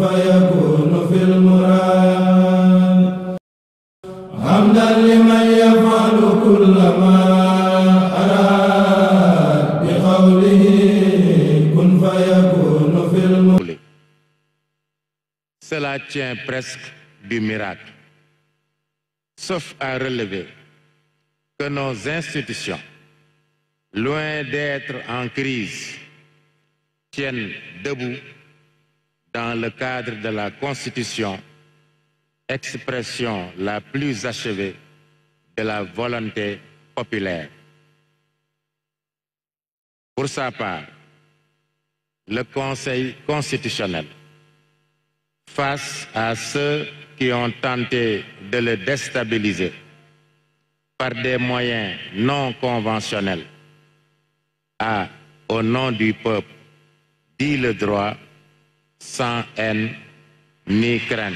فيكون في المراد حمدا لمن يفعل كل ما أراد بقوله كن فيكون في المراد Cela tient presque du miracle, sauf à relever que nos institutions, loin d'être en crise, tiennent debout dans le cadre de la Constitution, expression la plus achevée de la volonté populaire. Pour sa part, le Conseil constitutionnel, face à ceux qui ont tenté de le déstabiliser par des moyens non conventionnels, a, au nom du peuple, dit le droit sans haine ni crainte.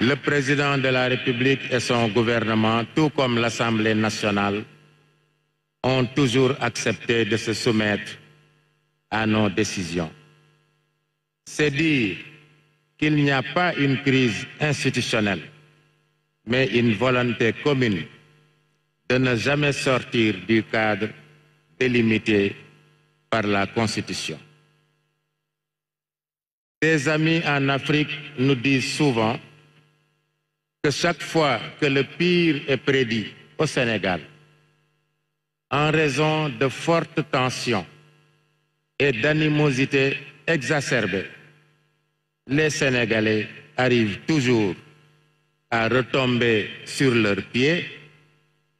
Le président de la République et son gouvernement, tout comme l'Assemblée nationale, ont toujours accepté de se soumettre à nos décisions. C'est dire qu'il n'y a pas une crise institutionnelle, mais une volonté commune de ne jamais sortir du cadre délimité par la Constitution. Des amis en Afrique nous disent souvent que chaque fois que le pire est prédit au Sénégal, en raison de fortes tensions et d'animosités exacerbées, les Sénégalais arrivent toujours à retomber sur leurs pieds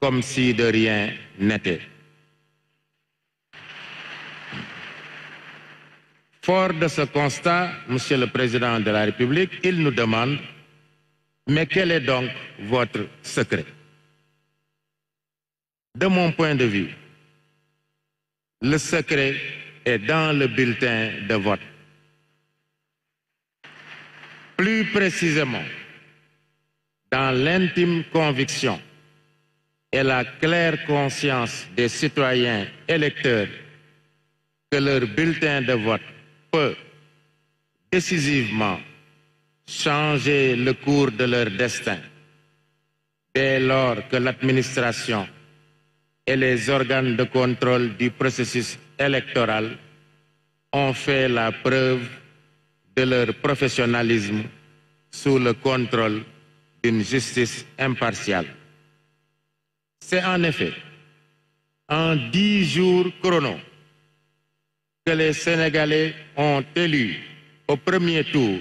comme si de rien n'était. Fort de ce constat, Monsieur le Président de la République, il nous demande, mais quel est donc votre secret De mon point de vue, le secret est dans le bulletin de vote. Plus précisément, dans l'intime conviction et la claire conscience des citoyens électeurs que leur bulletin de vote peut décisivement changer le cours de leur destin dès lors que l'administration et les organes de contrôle du processus électoral ont fait la preuve de leur professionnalisme sous le contrôle d'une justice impartiale. C'est en effet en dix jours chrono que les Sénégalais ont élu au premier tour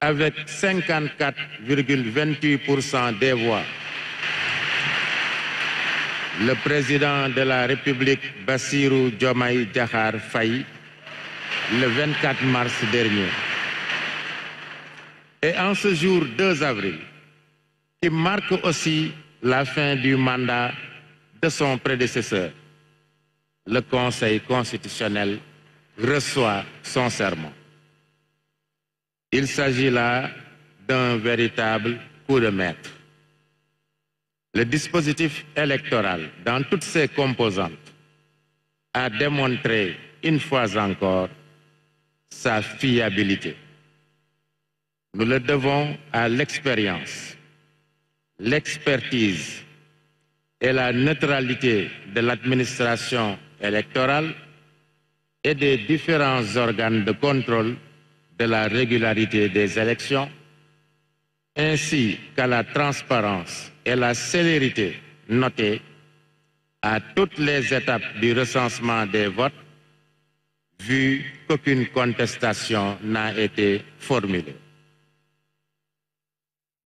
avec 54,28 pour cent des voix le président de la République Bassirou Diomaye Diakhar Faye le 24 mars dernier. Et en ce jour avril, la fin du mandat de son prédécesseur, le Conseil constitutionnel reçoit son serment. Il s'agit là d'un véritable coup de maître. Le dispositif électoral, dans toutes ses composantes, a démontré une fois encore sa fiabilité. Nous le devons à l'expérience l'expertise et la neutralité de l'administration électorale et des différents organes de contrôle de la régularité des élections, ainsi qu'à la transparence et la célérité notées à toutes les étapes du recensement des votes, vu qu'aucune contestation n'a été formulée.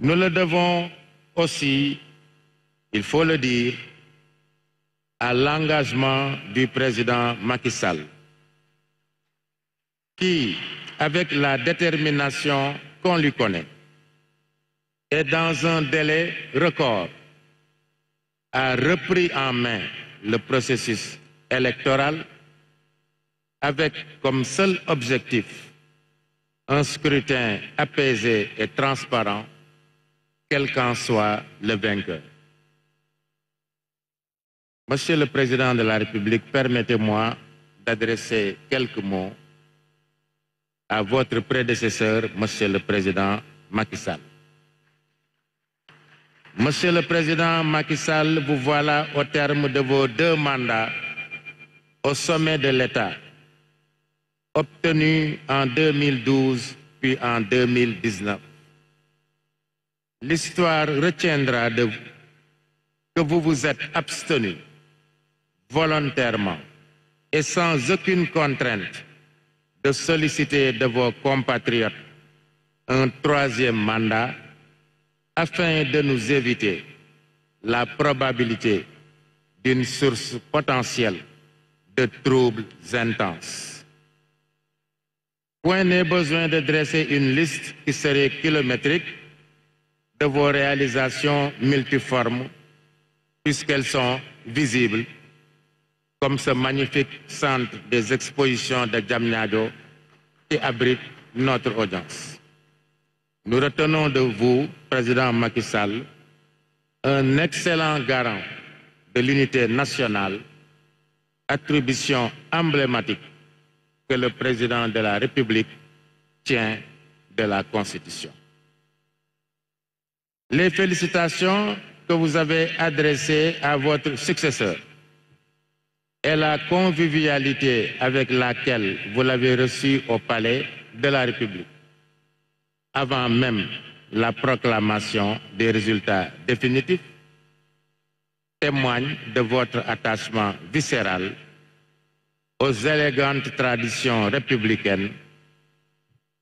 Nous le devons aussi, il faut le dire, à l'engagement du président Macky Sall, qui, avec la détermination qu'on lui connaît, et dans un délai record, a repris en main le processus électoral avec comme seul objectif un scrutin apaisé et transparent quel qu'en soit le vainqueur. le Président de la République, permettez-moi d'adresser quelques mots à votre prédécesseur, Monsieur le Président Macky le Président Macky Sall, voilà au terme de vos deux mandats au de l'État, obtenus en 2012 puis en 2019. l'histoire retiendra de vous que vous vous êtes abstenu volontairement et sans aucune contrainte de solliciter de vos compatriotes un troisième mandat afin de nous éviter la probabilité d'une source potentielle de troubles intenses. Point n'est besoin de dresser une liste qui serait kilométrique de vos réalisations multiformes, puisqu'elles sont visibles, comme ce magnifique centre des expositions de Jamnado qui abrite notre audience. Nous retenons de vous, Président Macky un excellent garant de l'unité nationale, attribution emblématique que le Président de la République tient de la Constitution. les félicitations que vous avez adressées à votre successeur et la convivialité avec laquelle vous l'avez reçu au palais de la République, avant même la proclamation des résultats définitifs, témoigne de votre attachement viscéral aux élégantes traditions républicaines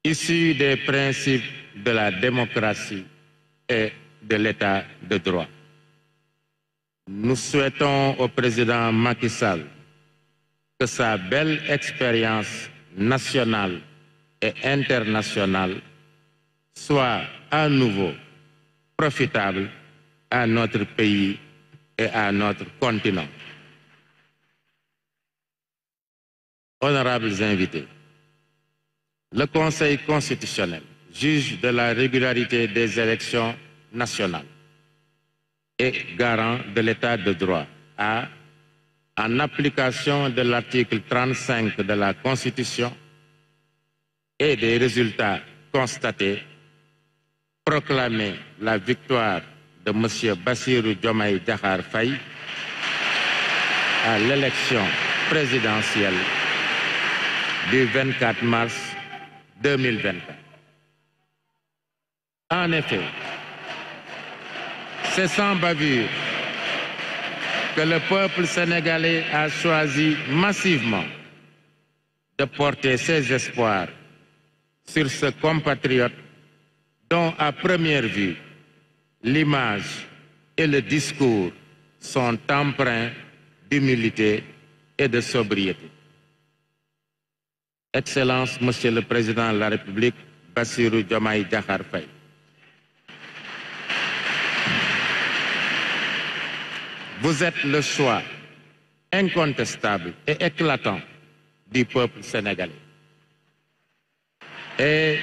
issues des principes de la démocratie et de l'état de droit. Nous souhaitons au président Macky Sall que sa belle expérience nationale et internationale soit à nouveau profitable à notre pays et à notre continent. Honorables invités, le Conseil constitutionnel juge de la régularité des élections nationales et garant de l'état de droit a, en application de l'article 35 de la Constitution et des résultats constatés, proclamé la victoire de M. Bassirou Diomaye Dahar Faye à l'élection présidentielle du 24 mars 2024. En effet, c'est sans bavure que le peuple sénégalais a choisi massivement de porter ses espoirs sur ce compatriote dont à première vue l'image et le discours sont empreints d'humilité et de sobriété. Excellence, Monsieur le Président la République, Bassirou Diomaye Diakhar Vous êtes le choix incontestable et éclatant du peuple sénégalais. Et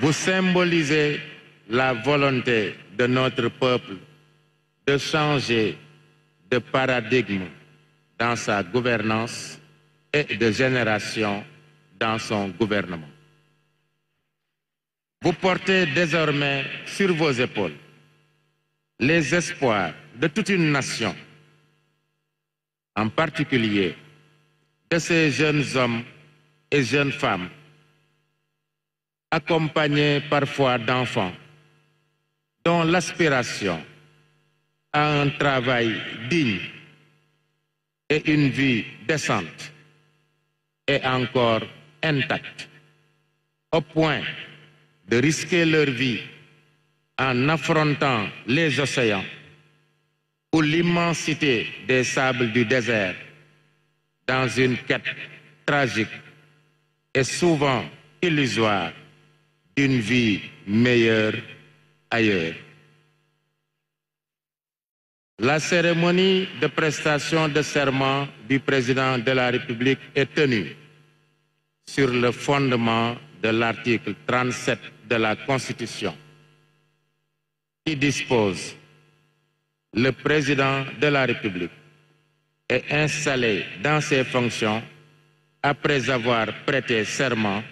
vous symbolisez la volonté de notre peuple de changer de paradigme dans sa gouvernance et de génération dans son gouvernement. Vous portez désormais sur vos épaules les espoirs de toute une nation, en particulier de ces jeunes hommes et jeunes femmes, accompagnés parfois d'enfants, dont l'aspiration à un travail digne et une vie décente est encore intacte, au point de risquer leur vie en affrontant les océans ou l'immensité des sables du désert dans une quête tragique et souvent illusoire d'une vie meilleure La cérémonie de prestation de serment du président de la République est tenue sur le fondement de l'article 37 de la Constitution qui le président de la République et installé dans ses fonctions après avoir prêté serment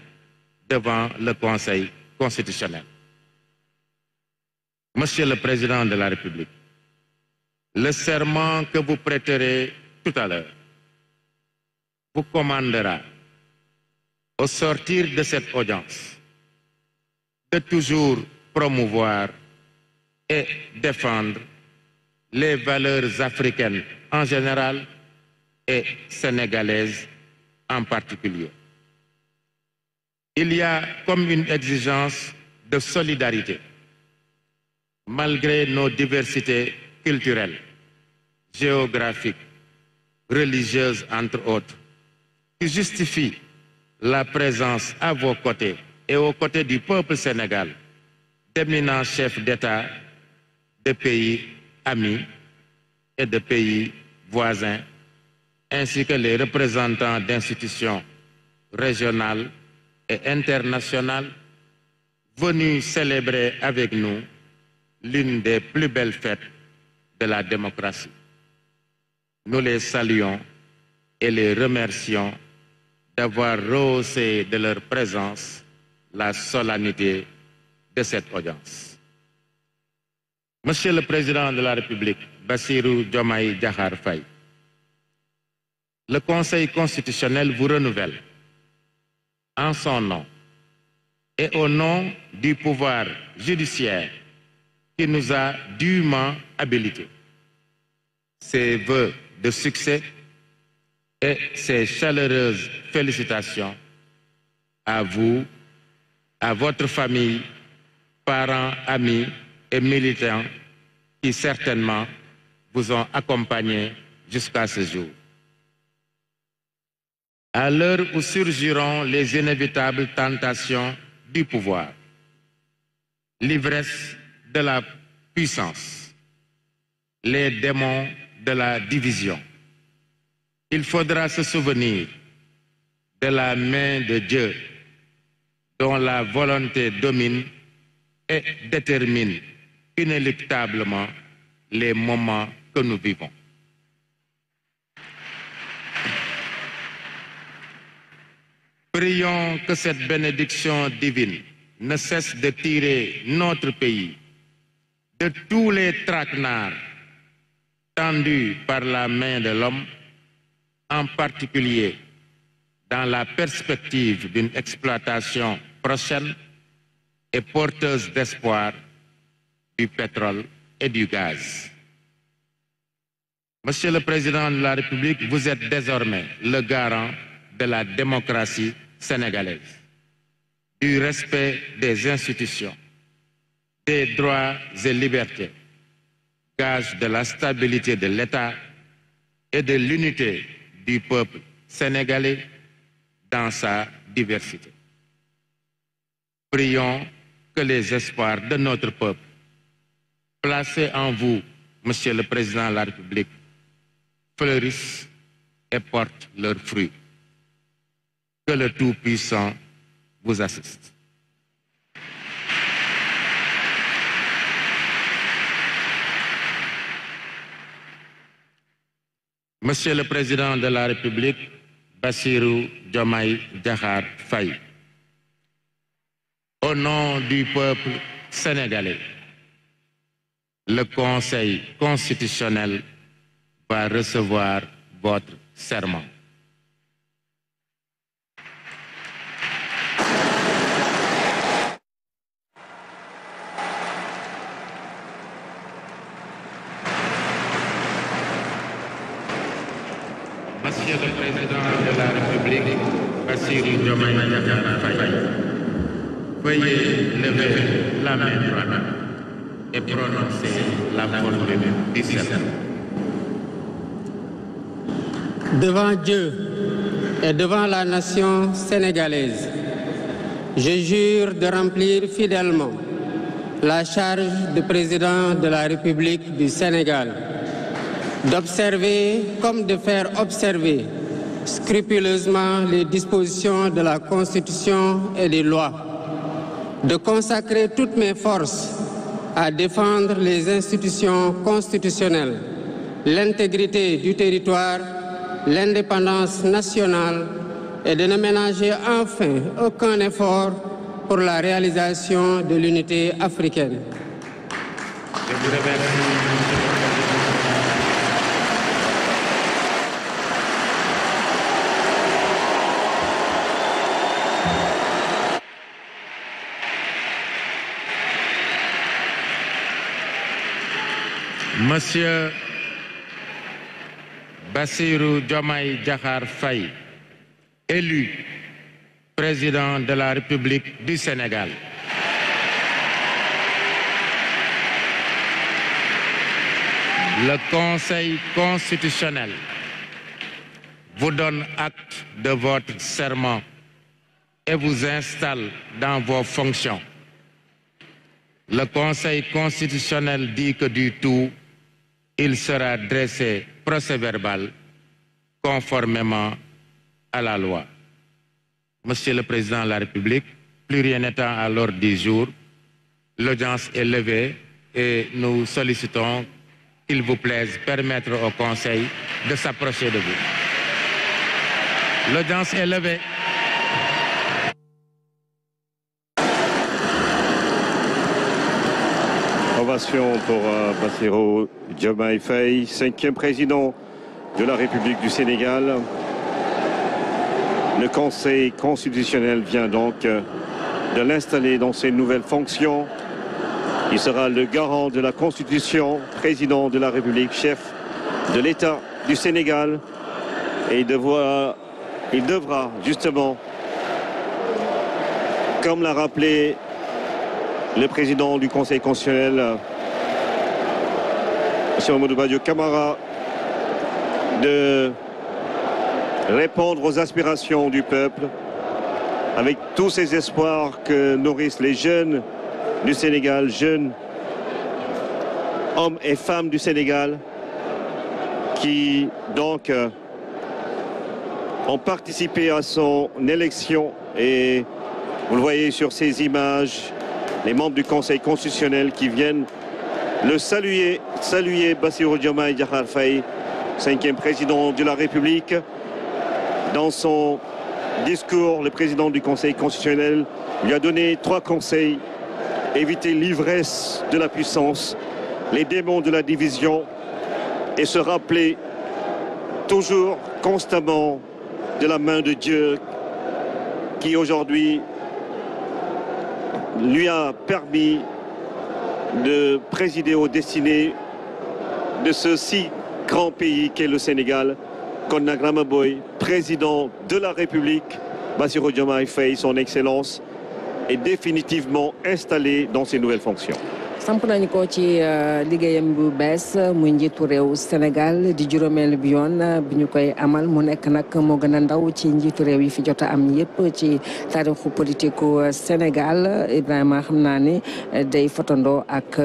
devant le Conseil constitutionnel. Monsieur le Président de la République, le serment que vous prêterez tout à l'heure vous commandera, au sortir de cette audience, de toujours promouvoir et défendre les valeurs africaines en général et sénégalaises en particulier. Il y a comme une exigence de solidarité, malgré nos diversités culturelles, géographiques, religieuses, entre autres, qui justifie la présence à vos côtés et aux côtés du peuple sénégal d'éminents chefs d'État de pays amis et de pays voisins, ainsi que les représentants d'institutions régionales et internationales venus célébrer avec nous l'une des plus belles fêtes de la démocratie. Nous les saluons et les remercions d'avoir rehaussé de leur présence la solennité de cette audience. Monsieur le Président de la République, Bassirou Diomaye Diakhar Faye, le Conseil constitutionnel vous renouvelle en son nom et au nom du pouvoir judiciaire qui nous a dûment habilités. Ses voeux de succès et ses chaleureuses félicitations à vous, à votre famille, parents, amis, et militants qui certainement vous ont accompagné jusqu'à ce jour. À l'heure où surgiront les inévitables tentations du pouvoir, l'ivresse de la puissance, les démons de la division, il faudra se souvenir de la main de Dieu dont la volonté domine et détermine inéluctablement les moments que nous vivons. Prions que cette bénédiction divine ne cesse de tirer notre pays de tous les traquenards tendus par la main de l'homme, en particulier dans la perspective d'une exploitation prochaine et porteuse d'espoir du pétrole et du gaz. Monsieur le Président de la République, vous êtes désormais le garant de la démocratie sénégalaise, du respect des institutions, des droits et libertés, gage de la stabilité de l'État et de l'unité du peuple sénégalais dans sa diversité. Prions que les espoirs de notre peuple placez en vous, Monsieur le Président de la République, fleurissent et portent leurs fruits. Que le Tout-Puissant vous assiste. Monsieur le Président de la République, Bassirou Diomaye Diakhar Faye, au nom du peuple sénégalais, le Conseil constitutionnel va recevoir votre serment. Monsieur le Président de la République, Bassirou Diomaye Faye, veuillez lever la main droite. et Devant Dieu et devant la nation sénégalaise, je jure de remplir fidèlement la charge de président de la République du Sénégal, d'observer comme de faire observer scrupuleusement les dispositions de la Constitution et des lois, de consacrer toutes mes forces à défendre les institutions constitutionnelles, l'intégrité du territoire, l'indépendance nationale et de ne ménager enfin aucun effort pour la réalisation de l'unité africaine. Monsieur Bassirou Diomaye Diakhar Faye, élu président de la République du Sénégal. Le Conseil constitutionnel vous donne acte de votre serment et vous installe dans vos fonctions. Le Conseil constitutionnel dit que du tout il sera dressé procès-verbal conformément à la loi. Monsieur le Président de la République, plus rien n'étant à l'ordre jours jour, l'audience est levée et nous sollicitons qu'il vous plaise permettre au Conseil de s'approcher de vous. ovation pour euh, Bassero Diomaye Faye, cinquième président de la République du Sénégal. Le Conseil constitutionnel vient donc euh, de l'installer dans ses nouvelles fonctions. Il sera le garant de la Constitution, président de la République, chef de l'État du Sénégal. il devra justement, comme l'a rappelé le président du Conseil constitutionnel, euh, M. Mamadou Badio Camara, de répondre aux aspirations du peuple avec tous ces espoirs que nourrissent les jeunes du Sénégal, jeunes hommes et femmes du Sénégal, qui donc euh, ont participé à son élection et vous le voyez sur ces images, les membres du Conseil constitutionnel qui viennent le saluer, saluer Bassirou Diomaye Diakhar Faye, cinquième président de la République. Dans son discours, le président du Conseil constitutionnel lui a donné trois conseils. Éviter l'ivresse de la puissance, les démons de la division et se rappeler toujours, constamment, de la main de Dieu qui aujourd'hui lui a permis de présider aux destinées de ce si grand pays qu'est le Sénégal. Kona Gramaboy, président de la République, Bassirou Diomaye Faye, son excellence, est définitivement installé dans ses nouvelles fonctions. samp nañ ko ci euh, liggéeyam bu bees muy njiitu réew Sénégal di juróomeelu bi yoon bi ñu koy amal mu nekk nag moo gën a ndaw ci njiitu réew yi fi jot a am yëpp ci taarixu politiku euh, Sénégal Ibrahima xam naa ni euh, day fotandoo ak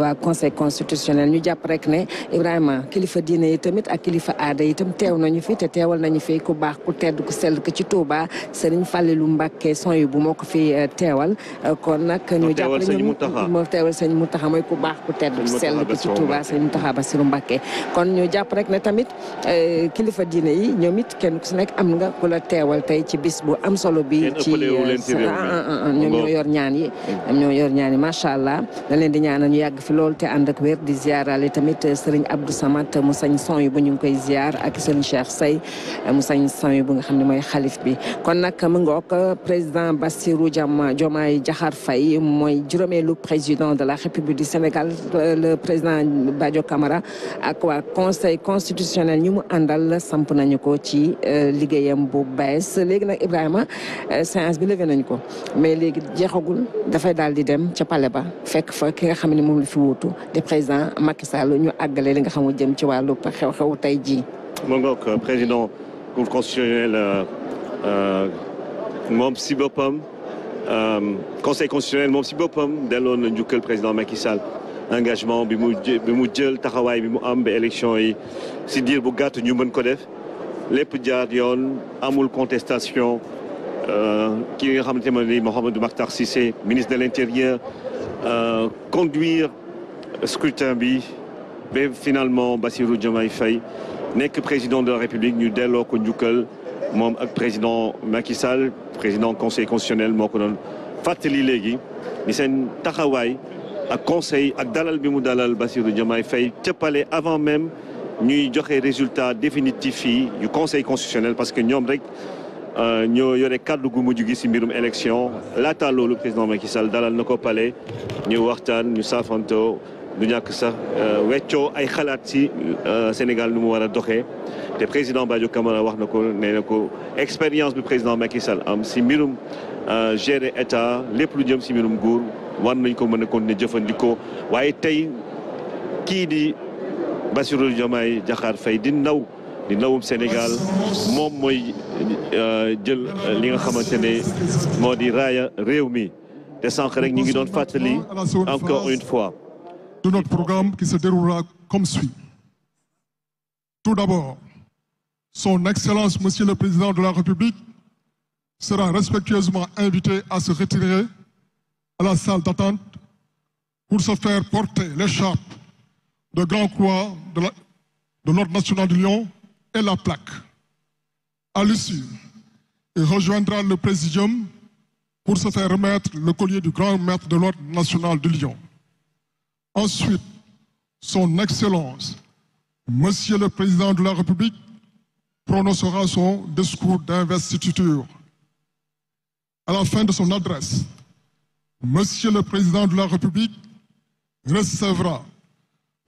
waa conseil constitutionnel ñu jàpp rek ne Ibrahima kilifa diine yi tamit ak kilifa aada yi tam teew nañu fi te teewal nañu fi ku baax ku tedd ku sel sell ci Touba Serigne Fallilou Mbacké son yu bu moo ko fi teewal kon nag ñu jàpp teewal sëñ Mountakha mooy ku baax ku tedd sell ki ci Touba sëñ Mountakha Bassirou Mbacké kon ñu jàpp rek ne tamit eh, kilifa diine yi ñoom it kenn ku si nekk am nga ku la teewal tey ci bis bu am solo bi ci eh, ah, ah, ah, ñoom ñoo yor ñaan yi ñoo yor ñaan macha allah da leen di ñaanal ñu yàgg fi lool te ànd ak wér di ziarale tamit eh, sëriñ Abdou Samad mu sañ son yu bu ñu koy ziar ak sëriñ Cheikh Say mu sañ son yu bu nga xam ne mooy xalif bi kon nag mu ngoog président Bassirou Diomaye Diakhar Faye mooy juróomeelu président président de la République du Sénégal euh, le président Badio Camara ak waa conseil constitutionnel ñu mu àndal samp nañu ko ci euh, liggéeyam bu bees léegi nag Ibrahima euh, séance bi levé nañ ko mais léegi jeexagul dafay daal di dem ca pale ba fekk fa ki nga xam ne moom la fi wuutu di président Macky Sall ñu àggale li nga xam jëm ci wàllu xew-xew tey jii. moom si boppam. Euh, conseil constitutionnel moom si boppam delloon na njukkal président Macky Sall engagement bi mu bi mu jël taxawaay bi mu am ba élection yi si diir bu gàtt ñu mën ko def lépp jaar yoon amul contestation euh, ki nga xamante ne ni Mouhamadou Makhtar Cissé ministre de l'intérieur euh, conduire scrutin bi ba finalement Bassirou Diomaye Faye nekk président de la République ñu delloo ko njukkal moom ak président Macky président conseil constitutionnel moo ko doon fàttali léegi ni seen taxawaay ak conseil ak dalal bi mu dalal Bassirou Diomaye Faye cëppale avant même ñuy joxe résultat définitif yi yu conseil constitutionnel parce que ñoom rek euh, ñoo yore kàddu gumu mujj gi si mbirum élection laata loolu président Macky Sall dalal na ko pale ñu waxtaan ñu saafanto du ñàkk sax euh, weccoo ay xalaat ci euh, Sénégal nu mu war a doxee te président Badio Camara wax na ko na ko expérience bi président Macky Sall am si mbirum euh, gérer état lépp lu jëm si mbirum nguur war nañ ko mën a continuer jëfandikoo waaye tey kii di Bassirou Diomaye Diakhar Faye di ndaw di ndawum Sénégal moom mooy jël li nga xamante ne moo di raaya réew mi te sànq rek ñu ngi doon fàttali encore une fois de notre programme qui se déroulera comme suit. Tout d'abord, son Excellence, Monsieur le Président de la République, sera respectueusement invité à se retirer à la salle d'attente pour se faire porter l'écharpe de Grand Croix de l'Ordre national du Lion et la plaque. À l'issue, il rejoindra le Présidium pour se faire remettre le collier du Grand Maître de l'Ordre national du Lion. Ensuite, son Excellence, Monsieur le Président de la République, prononcera son discours d'investiture. À la fin de son adresse, Monsieur le Président de la République recevra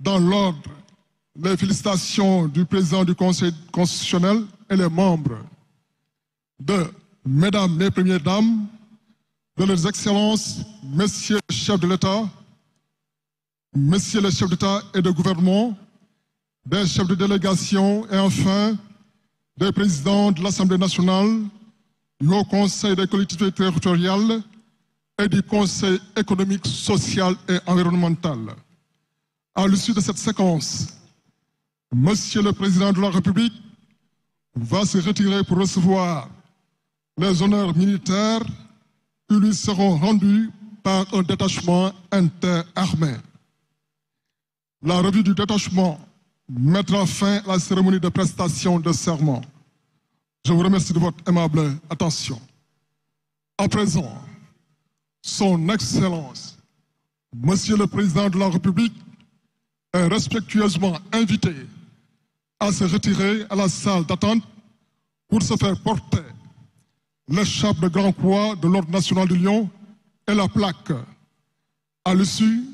dans l'ordre les félicitations du Président du Conseil constitutionnel et les membres de Mesdames et Premières Dames, de leurs Excellences, Messieurs les chefs de l'État, messieurs les chefs d'État et de gouvernement, des chefs de délégation et enfin des présidents de l'Assemblée nationale, du Haut Conseil des collectivités territoriales et du Conseil économique, social et environnemental. À l'issue de cette séquence, Monsieur le Président de la République va se retirer pour recevoir les honneurs militaires qui lui seront rendus par un détachement interarmé. la revue du détachement mettra fin à la cérémonie de prestation de serment. Je vous remercie de votre aimable attention. À présent, Son Excellence, Monsieur le Président de la République, est respectueusement invité à se retirer à la salle d'attente pour se faire porter l'écharpe de Grand Croix de l'Ordre national de Lyon et la plaque. À l'issue,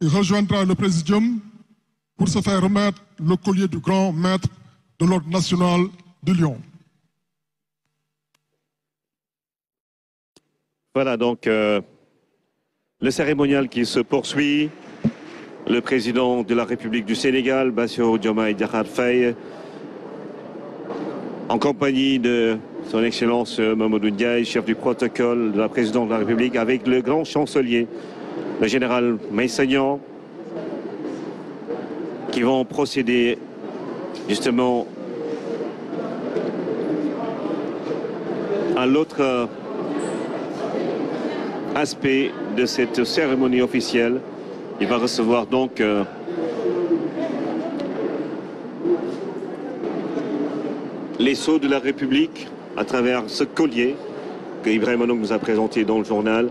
il rejoindra le pour se faire remettre le collier du grand maître de l'ordre national de Lyon. Voilà euh, le cérémonial qui se poursuit. Le président de la République du Sénégal, Bassirou Diomaye Diakhar Faye, en compagnie de son Excellence euh, Mamadou Ndiaye, chef du protocole de la présidente de la République, avec le grand chancelier, le général Maïsagnan, qui vont procéder justement à l'autre euh, aspect de cette cérémonie officielle. Il va recevoir donc euh, les sceaux de la République à travers ce collier que Ibrahim Anong nous a présenté dans le journal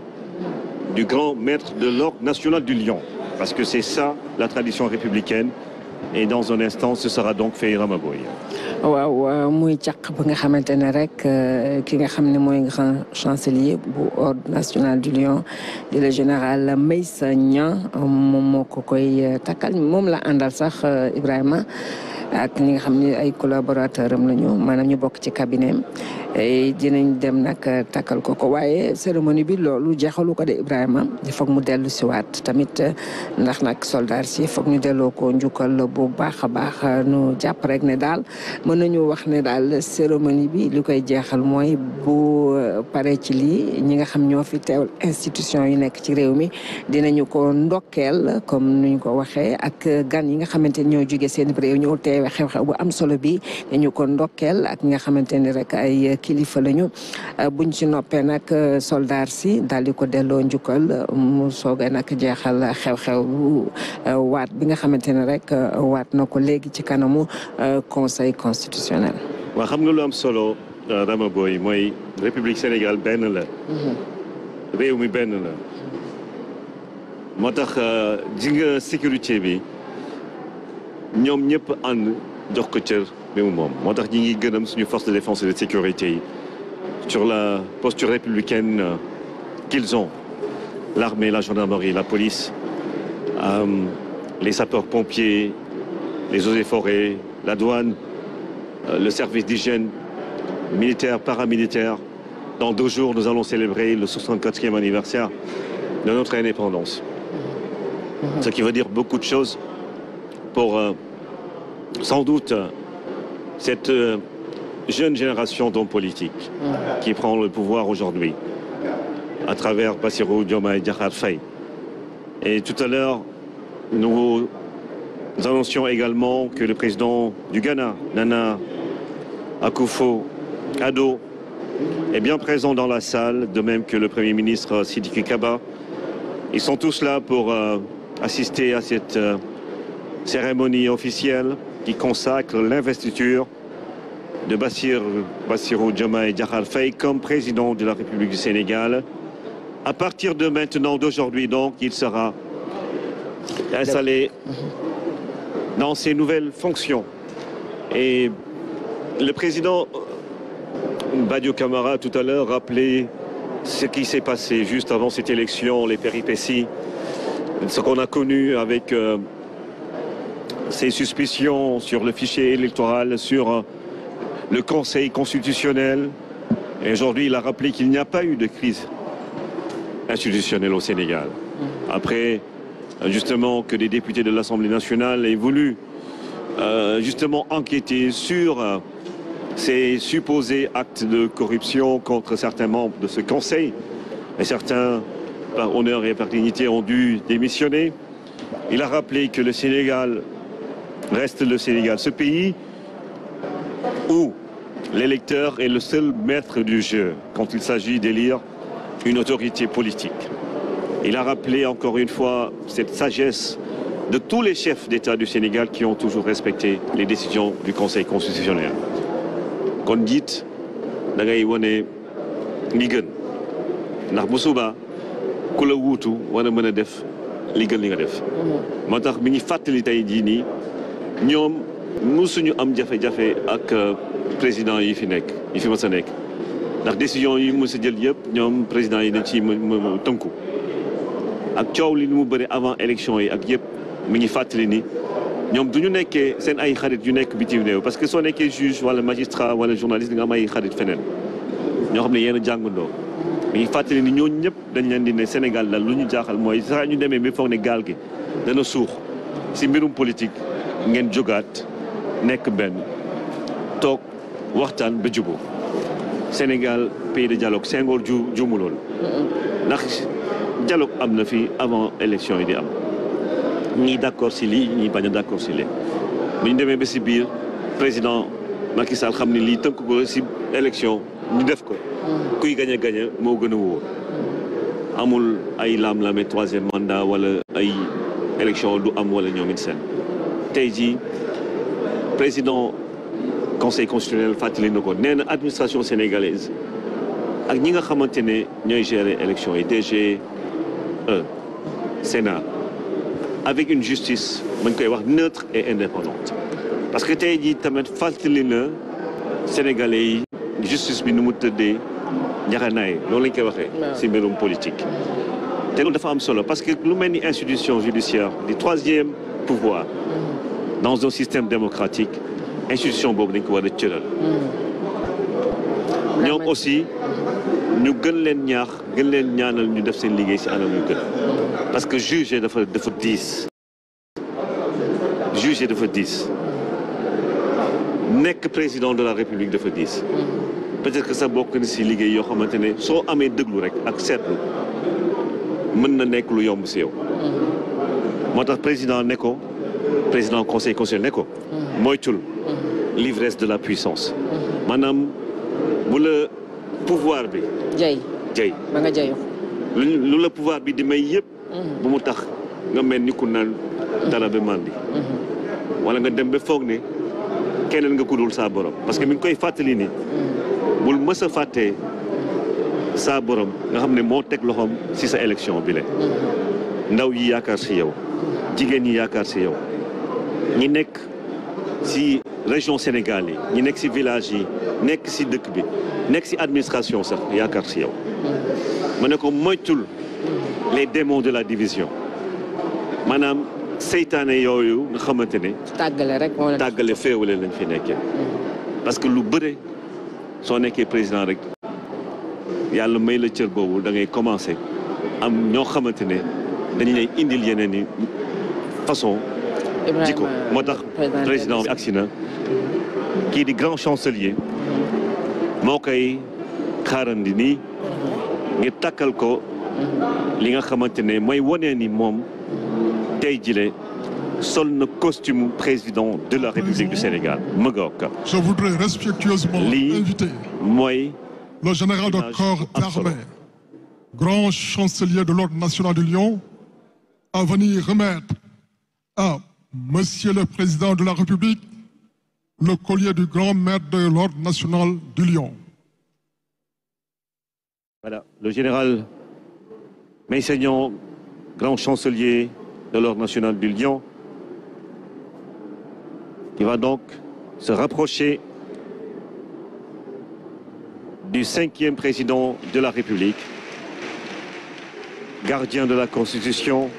du grand maître de l'ordre national du Lion. Parce que c'est ça la tradition républicaine. et dans un instant ce sera donc Feira Mabouy waaw muy càq ba nga xamante ne rek euh, ki nga xam ne mooy grand chancelier bu ordre national du lion di le général Meissa Niang moom moo ko koy euh, takkal moom la àndal sax euh, Ibrahima ak ñi nga xam ne ay collaborateur am la ñu maanaam ñu bokk ci cabinet Eh, dinañ dem nag eh, takkal ko ko waaye cérémonie bi loolu jeexalu ko de Ibrahima foog mu dellu si waat tamit eh, ndax nag soldat si foog ñu delloo ko njukkal bu baax a baax nu jàpp rek ne daal mën nañu wax ne daal cérémonie bi lu koy jeexal mooy bu pare ci lii ñi nga xam ñoo fi teewal institution yu nekk ci réew mi dinañu ko ndokkeel nu ñu ko waxe ak gan yi nga xamante ni ñoo jóge seen réew ñoo teewe xew-xew bu am solo bi dañu ko ndokkeel ak nga xamante kilifa lañu euh, buñ ci noppee nag euh, soldaar si daal di ko delloo njukkal mu soogay nag jeexal xew-xew euh, waat bi nga xamante ne rek waat na ko léegi ci kanamu conseil constitutionnel. waa xam nga lu am solo Rama mooy république Sénégal benn la. Mhm. réew mi benn la. moo tax ji nga sécurité bi ñoom ñëpp ànd jox ko cër. bi mu moom moo tax ñi ngi gënam suñu force de défense et la posture républicaine qu'ils ont l'armée la gendarmerie la police euh, les sapeurs-pompiers euh, le service d'hygiène militaire paramilitaire dans deux jours nous allons le 64e anniversaire de notre indépendance ce cette euh, jeune génération d'hommes politiques qui prend le pouvoir aujourd'hui à travers Bassirou Diomaye Diakhar Faye. Et tout à l'heure, nous annoncions également que le président du Ghana, Nana Akufo Ado, est bien présent dans la salle, de même que le Premier ministre Sidiki Kaba. Ils sont tous là pour euh, assister à cette euh, cérémonie officielle. qui consacre l'investiture de Bassir, Bassirou Diomaye Diakhar Faye comme président de la République du Sénégal. À partir de maintenant, d'aujourd'hui donc, il sera installé dans ses nouvelles fonctions. Et le président Badio Camara tout à l'heure rappelait ce qui s'est passé juste avant cette élection, les péripéties, ce qu'on a connu avec... Euh, ces suspicions sur le fichier électoral, sur euh, le Conseil constitutionnel. Et aujourd'hui, il a rappelé qu'il n'y a pas eu de crise institutionnelle au Sénégal. Mm. Après, justement, que des députés de l'Assemblée nationale aient voulu, euh, justement, enquêter sur euh, ces supposés actes de corruption contre certains membres de ce Conseil. Et certains, par et par dignité, ont dû démissionner. Il a rappelé que le Sénégal reste le Sénégal. Ce pays où l'électeur est le seul maître du jeu quand il s'agit d'élire une autorité politique. Il a rappelé encore une fois cette sagesse de tous les chefs d'État du Sénégal qui ont toujours respecté les décisions du Conseil constitutionnel. kon jiit da ngay wane li gën ndax bu subaa ku la wuutu war mën a def li gën def. Mhm. ñoom suñu am jafe-jafe ak euh, président yi fi nekk yi fi mës sa nekk ndax décision yi mës a jël yëpp ñoom président yi dañ ciy tënku ak coow li ni mu bëri avant élection yi ak yëpp mi ngi fàttali ni ñoom du ñu nekkee seen ay xarit yu nekk bi bitim réew parce que soo nekkee juge wala magistrat wala journaliste nga am ay xarit feneen ñoo xam ne yéen a jàngandoo mi ngi fàttali ni ñooñu ñëpp dañ leen di ne Sénégal la lu ñu jaaxal mooy saa ñu demee bi foog ne gaal gi dana suux si mbirum politique ngeen jógaat nekk benn toog waxtaan ba jubo Sénégal pays de dialogue Senghor juumu lool ndax dialogue am na fi avant élection yi di am ñii d'accord si li ñii bañ a d'accord si lii bu ñu demee ba si biir président Macky Sall xam ne lii tënk ko si élection ñu def ko kuy gañ a gañ a moo gën a woo amul ay laam-laame troisième mandat wala ay élection du am wala ñoom it seen tey jii président conseil constitutionnel fàttali na ko nee na administration sénégalaise ak ñi nga xamante ne ñooy gérer élection yi DGE Sénat avec une justice mañ koy wax neutre et indépendante parce que tey jii tamit fàttali na sénégalais yi justice bi nu mu tëddee njaxanaay loolu lañ koy waxee si mbirum politique te loolu dafa am solo parce que lu mel ni institution judiciaire du troisième pouvoir dans un système démocratique institution boobu dañ ko war a cëral hmm. ñoom aussi ñu gën leen ñaax gën leen ñaanal ñu def seen liggéey ci anam yu parce que juger dafa dafa diis juger dafa diis nekk président de la république dafa diis hmm. peut que ça bokk na ci liggéey yoo xamante ne soo amee déglu rek ak seetlu mën na nekk lu yomb ci yow hmm. moo tax président ne ko président conseil constitutionnel ne ko moytul l'ivresse de la puissance maanaam bu la pouvoir bi jay jay ba nga lu la pouvoir bi di may yëpp bu mu tax nga mel ni ku naan dara ba màndi walla nga dem ba foog ne keneen nga kudul saa borom parce que mi ngi koy fàttali ni bul mës a fàttee saa borom nga xam ne moo teg loxoom si sa élection bi le ndaw yi yaakaar si yow jigéen ñi yaakaar si yow ñi nekk ci région Sénégal yi ñi nekk si village yi nekk si dëkk bi nekk si administration sax yaakaar si yow ma ne ko moytul les démons de la division maanaam seytaane yooyu nga xamante ne tàggale rek tàggale féewale lañ fi nekkee parce que lu bëre soo nekkee président rek yàlla may la cër boobu da ngay commencer am ñoo xamante ne dañ lay indil yeneen yi façon jikko moo tax président bi di grand chancelier moo koy takkal ko li nga xamante ne mooy wanee ni moom tey jile sol na costume président de la République du mhm. Sénégal je voudrais respectueusement inviter mooy le général de corps grand chancelier de l'ordre national du Lion à venir remettre à Monsieur le Président de la République, le collier du grand maître de l'Ordre national du Lion. Voilà, le général Meissagnon, grand chancelier de l'Ordre national du Lion, qui va donc se rapprocher du cinquième président de la République, gardien de la Constitution,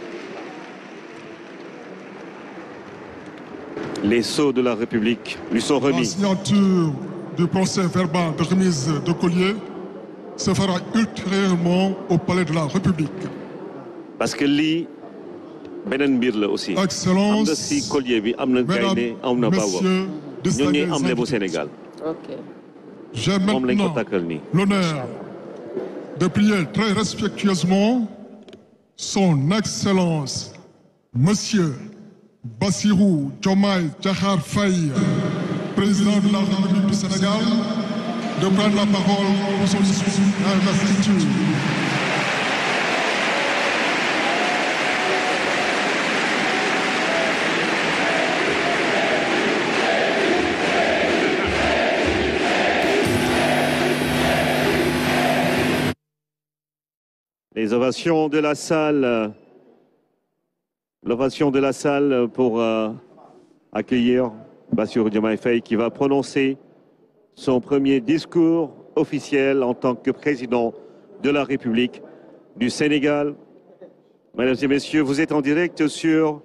Les sceaux de la République lui sont remis. La signature du procès verbal de remise de collier se fera ultérieurement au palais de la République. parce que lii beneen mbir la aussi. excellence am na collier bi am na gaynde am na bawoo ñun ñuy am bu Sénégal. ok. j'ai maintenant l'honneur de prier très respectueusement son excellence monsieur. Bassirou Diomaye Diakhar Faye président de la République de prendre la parole pour son discours d'investiture. Les ovations de la salle L'ovation de la salle pour euh, accueillir Bassir Diomaye Faye qui va prononcer son premier discours officiel en tant que président de la République du Sénégal. Mesdames et messieurs, vous êtes en direct sur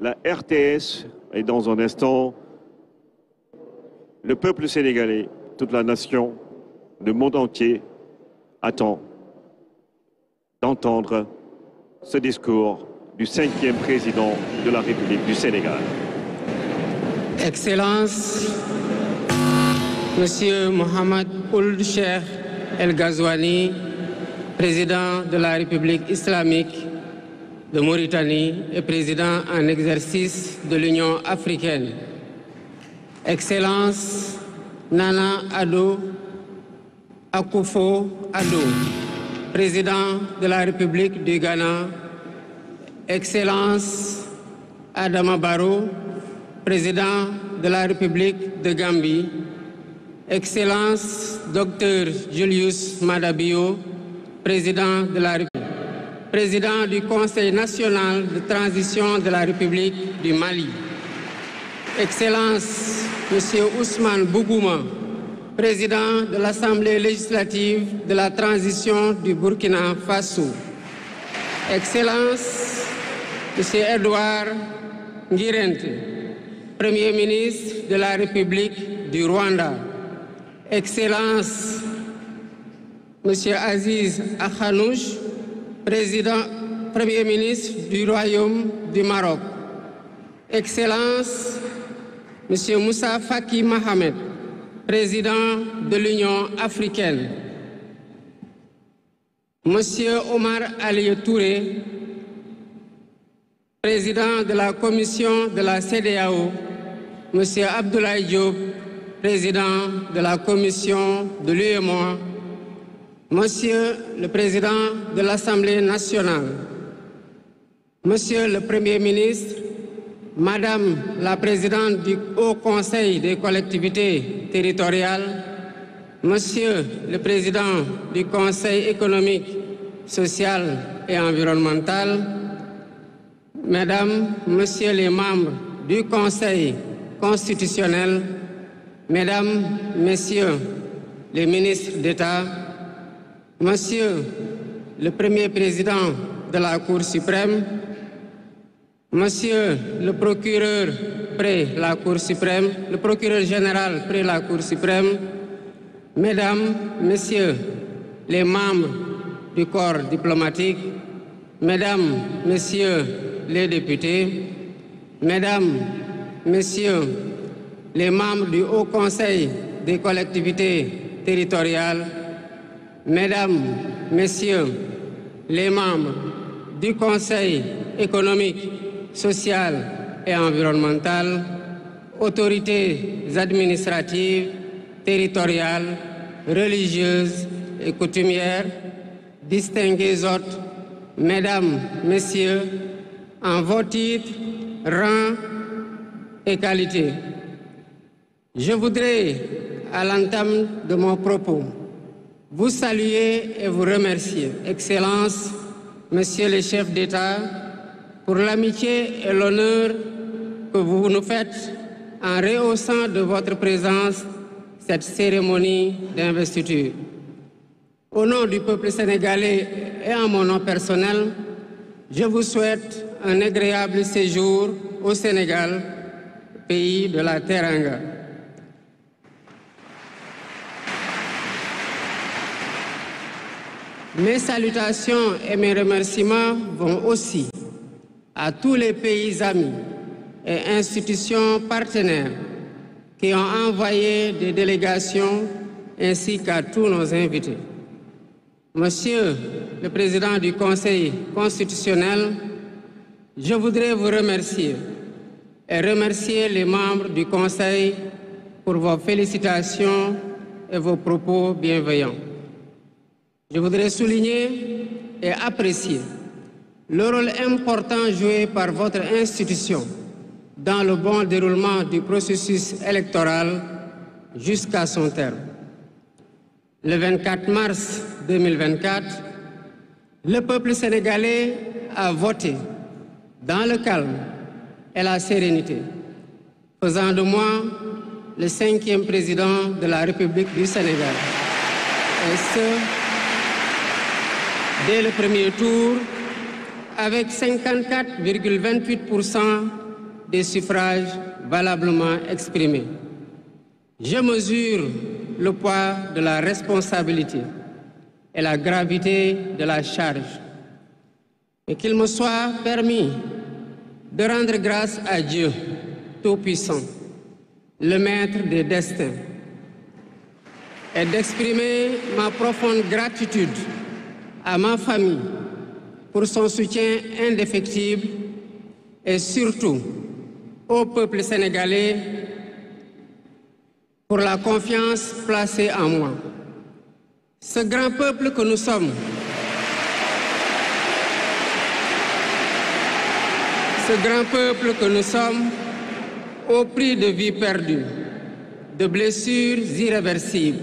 la RTS et dans un instant, le peuple sénégalais, toute la nation, le monde entier attend d'entendre ce discours du cinquième président de la République El Ghazouani, président de la République islamique de Mauritanie et président en exercice de l'Union africaine. Excellences, Nana Ado Akufo-Addo, président de la République du Ghana Excellences Adama Barrow, président de la République de Gambie, Excellences Docteur Julius Madabio, président de la République, président du Conseil national de transition de la République du Mali, Excellences Monsieur Ousmane Bougouma, président de l'Assemblée législative de la transition du Burkina Faso, Monsieur Edouard Ngirente, Premier ministre de la République du Rwanda, Excellences, Monsieur Aziz Akhanouche, Président, Premier ministre du Royaume du Maroc, Excellences, Monsieur Moussa Faki Mohamed, Président de l'Union africaine, Monsieur Omar Ali Touré, président de la commission de la CEDEAO, M. Abdoulaye Diop, président de la commission de l'UEMOA, Monsieur le Président de l'Assemblée nationale, Monsieur le Premier ministre, Madame la Présidente du Haut Conseil des collectivités territoriales, Monsieur le Président du Conseil économique, social et environnemental, Mesdames, Messieurs les membres du Conseil constitutionnel, Mesdames, Messieurs les ministres d'État, Monsieur le Premier Président de la Cour suprême, Monsieur le procureur près la Cour suprême, le procureur général près la Cour suprême, Mesdames, Messieurs les membres du corps diplomatique, Mesdames, Messieurs les députés, Mesdames, Messieurs les membres du Haut Conseil des collectivités territoriales, Mesdames, Messieurs les membres du Conseil économique, social et environnemental, autorités administratives, territoriales, religieuses et coutumières, distingués autres, Mesdames, Messieurs, en vos titres, rangs et qualités. Je voudrais, à l'entame de mon propos, vous saluer et vous remercier, Excellences, Monsieur les chefs d'État, pour l'amitié et l'honneur que vous nous faites en rehaussant de votre présence cette cérémonie d'investiture. Au nom du peuple sénégalais et en mon nom personnel, je vous souhaite un agréable séjour au Sénégal, pays de la Teranga. Mes salutations et mes remerciements vont aussi à tous les pays amis et institutions partenaires qui ont envoyé des délégations ainsi qu'à tous nos invités. Monsieur le Président du Conseil constitutionnel, Je voudrais vous remercier remercier les membres du Conseil pour vos félicitations et vos propos bienveillants. Je voudrais souligner et apprécier important joué par votre institution dans le bon déroulement du processus électoral jusqu'à son terme. Le 24 mars 2024, le peuple sénégalais a voté dans le calme et la sérénité, faisant de moi le cinquième président de la République du Sénégal. Et le premier tour, avec 54,28% des suffrages valablement exprimés. Je mesure le poids de la responsabilité et la gravité de la charge et qu'il me soit permis de rendre grâce à Dieu Tout-Puissant, le Maître des destins, et d'exprimer ma profonde gratitude à ma famille pour son soutien indéfectible et surtout au peuple sénégalais pour la confiance placée en moi. Ce grand peuple que nous sommes, ce grand peuple que nous sommes, au prix de vie perdues, de blessures irréversibles,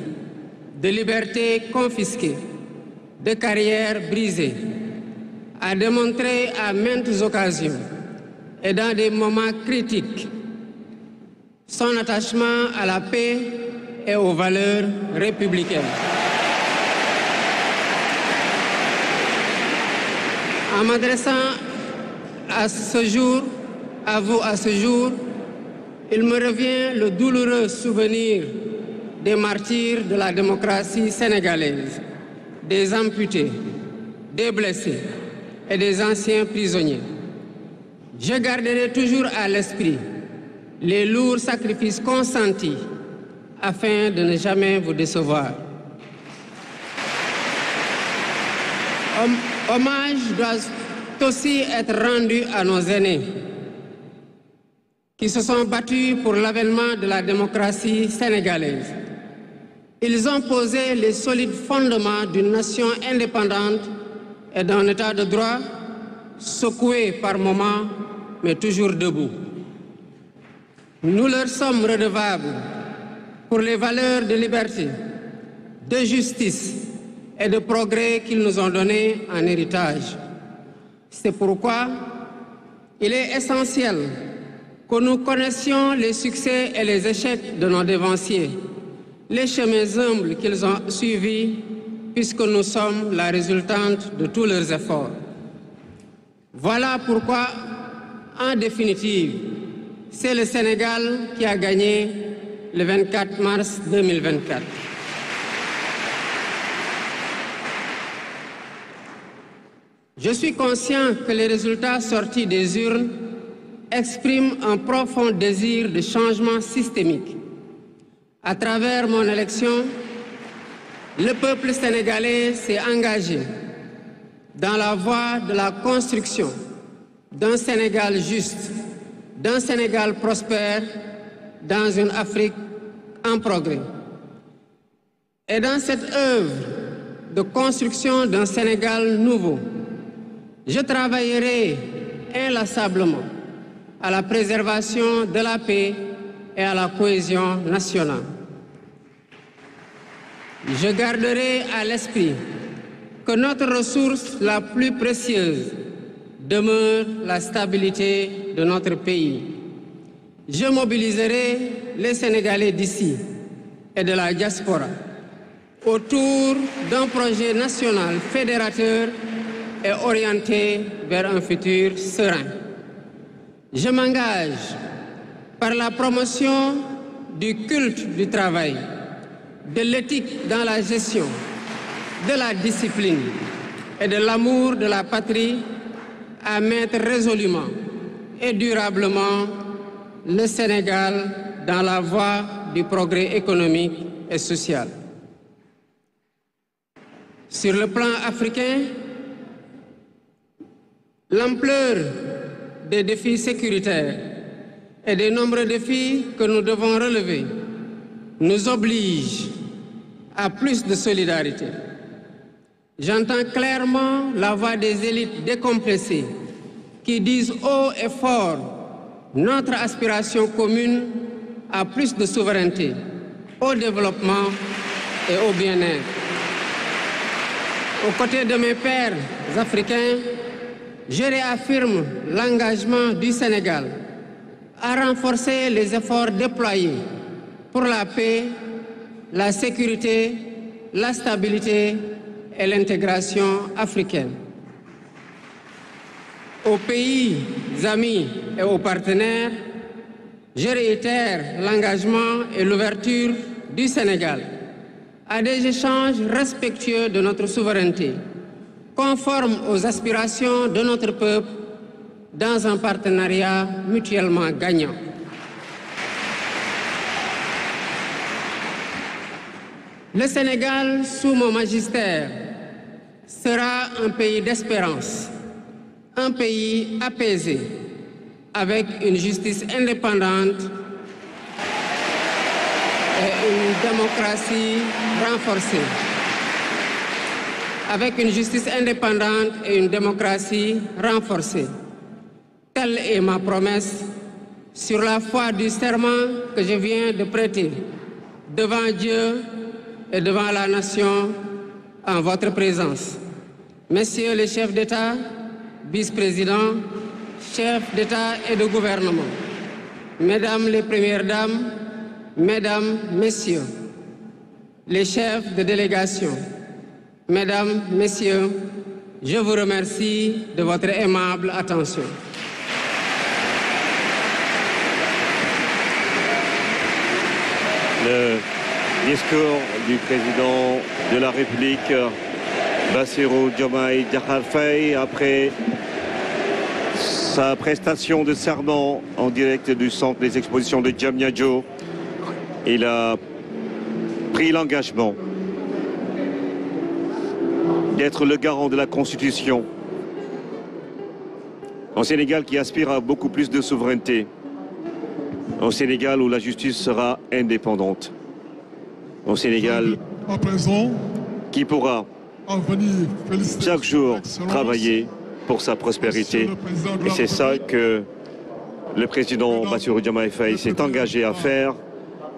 de libertés confisquées, de carrières brisées, a démontré en maintes occasions et dans des moments critiques son attachement à la paix et aux valeurs républicaines. à ce jour, à vous à ce jour, il me revient le douloureux souvenir des martyrs de la démocratie sénégalaise, des amputés, des blessés et des anciens prisonniers. Je garderai toujours à l'esprit les lourds sacrifices consentis afin de ne jamais vous décevoir. Hommage doit aussi être rendu à nos aînés qui se sont battus pour l'avènement de la démocratie sénégalaise. Ils ont posé les solides fondements d'une nation indépendante et d'un état de droit secoué par moments, mais toujours debout. Nous leur sommes redevables pour les valeurs de liberté, de justice et de progrès qu'ils nous ont données en héritage. C'est pourquoi il est essentiel que nous connaissions les succès et les échecs de nos dévanciers, les chemins humbles qu'ils ont suivis, puisque nous sommes la résultante de tous leurs efforts. Voilà pourquoi, en définitive, c'est le Sénégal qui a gagné le 24 mars 2024. Je suis conscient que les résultats sortis des urnes expriment un profond désir de changement systémique. À travers mon élection, le peuple sénégalais s'est engagé dans la voie de la construction d'un Sénégal juste, d'un Sénégal prospère, dans une Afrique en progrès. Et dans cette œuvre de construction d'un Sénégal nouveau, Je travaillerai inlassablement à la préservation de la paix et à la cohésion nationale. Je garderai à l'esprit que notre ressource la plus précieuse demeure la stabilité de notre pays. Je mobiliserai les Sénégalais d'ici et de la diaspora autour d'un projet national fédérateur et orientée vers un futur serein. Je m'engage par la promotion du culte du travail, de l'éthique dans la gestion, de la discipline et de l'amour de la patrie à mettre résolument et durablement le Sénégal dans la voie du progrès économique et social. Sur le plan africain, L'ampleur des défis sécuritaires et des nombreux défis que nous devons relever nous oblige à plus de solidarité. J'entends clairement la voix des élites décompressées qui disent haut et fort notre aspiration commune à plus de souveraineté, au développement et au bien Aux côtés de mes pères africains, je réaffirme l'engagement du Sénégal à renforcer les efforts déployés pour la paix, la sécurité, la stabilité et l'intégration africaine. Aux pays amis et aux partenaires, je réitère l'engagement et l'ouverture du Sénégal à des échanges respectueux de notre souveraineté conforme aux aspirations de notre peuple dans un partenariat mutuellement gagnant. Le Sénégal, sous mon magistère, sera un pays d'espérance, un pays apaisé, avec une justice indépendante et une démocratie renforcée. avec une justice indépendante et une démocratie renforcée. Telle est ma promesse sur la foi du serment que je viens de prêter devant Dieu et devant la nation en votre présence. Messieurs les chefs d'État, vice-présidents, chefs d'État et de gouvernement, Mesdames les Premières Dames, Mesdames, Messieurs, les chefs de délégation, Mesdames, Messieurs, je vous remercie de votre aimable attention. Le discours du président de la République, Bassirou Diomaye Diakhar Faye, après sa prestation de serment en direct du centre des expositions de Djamnyadjo, il a pris l'engagement d'être le garant de la Constitution. Un Sénégal qui aspire à beaucoup plus de souveraineté. Un Sénégal où la justice sera indépendante. Un Sénégal à présent, qui pourra à venir chaque jour travailler pour sa prospérité. Et c'est ça que le président Bassirou Diomaye s'est engagé à faire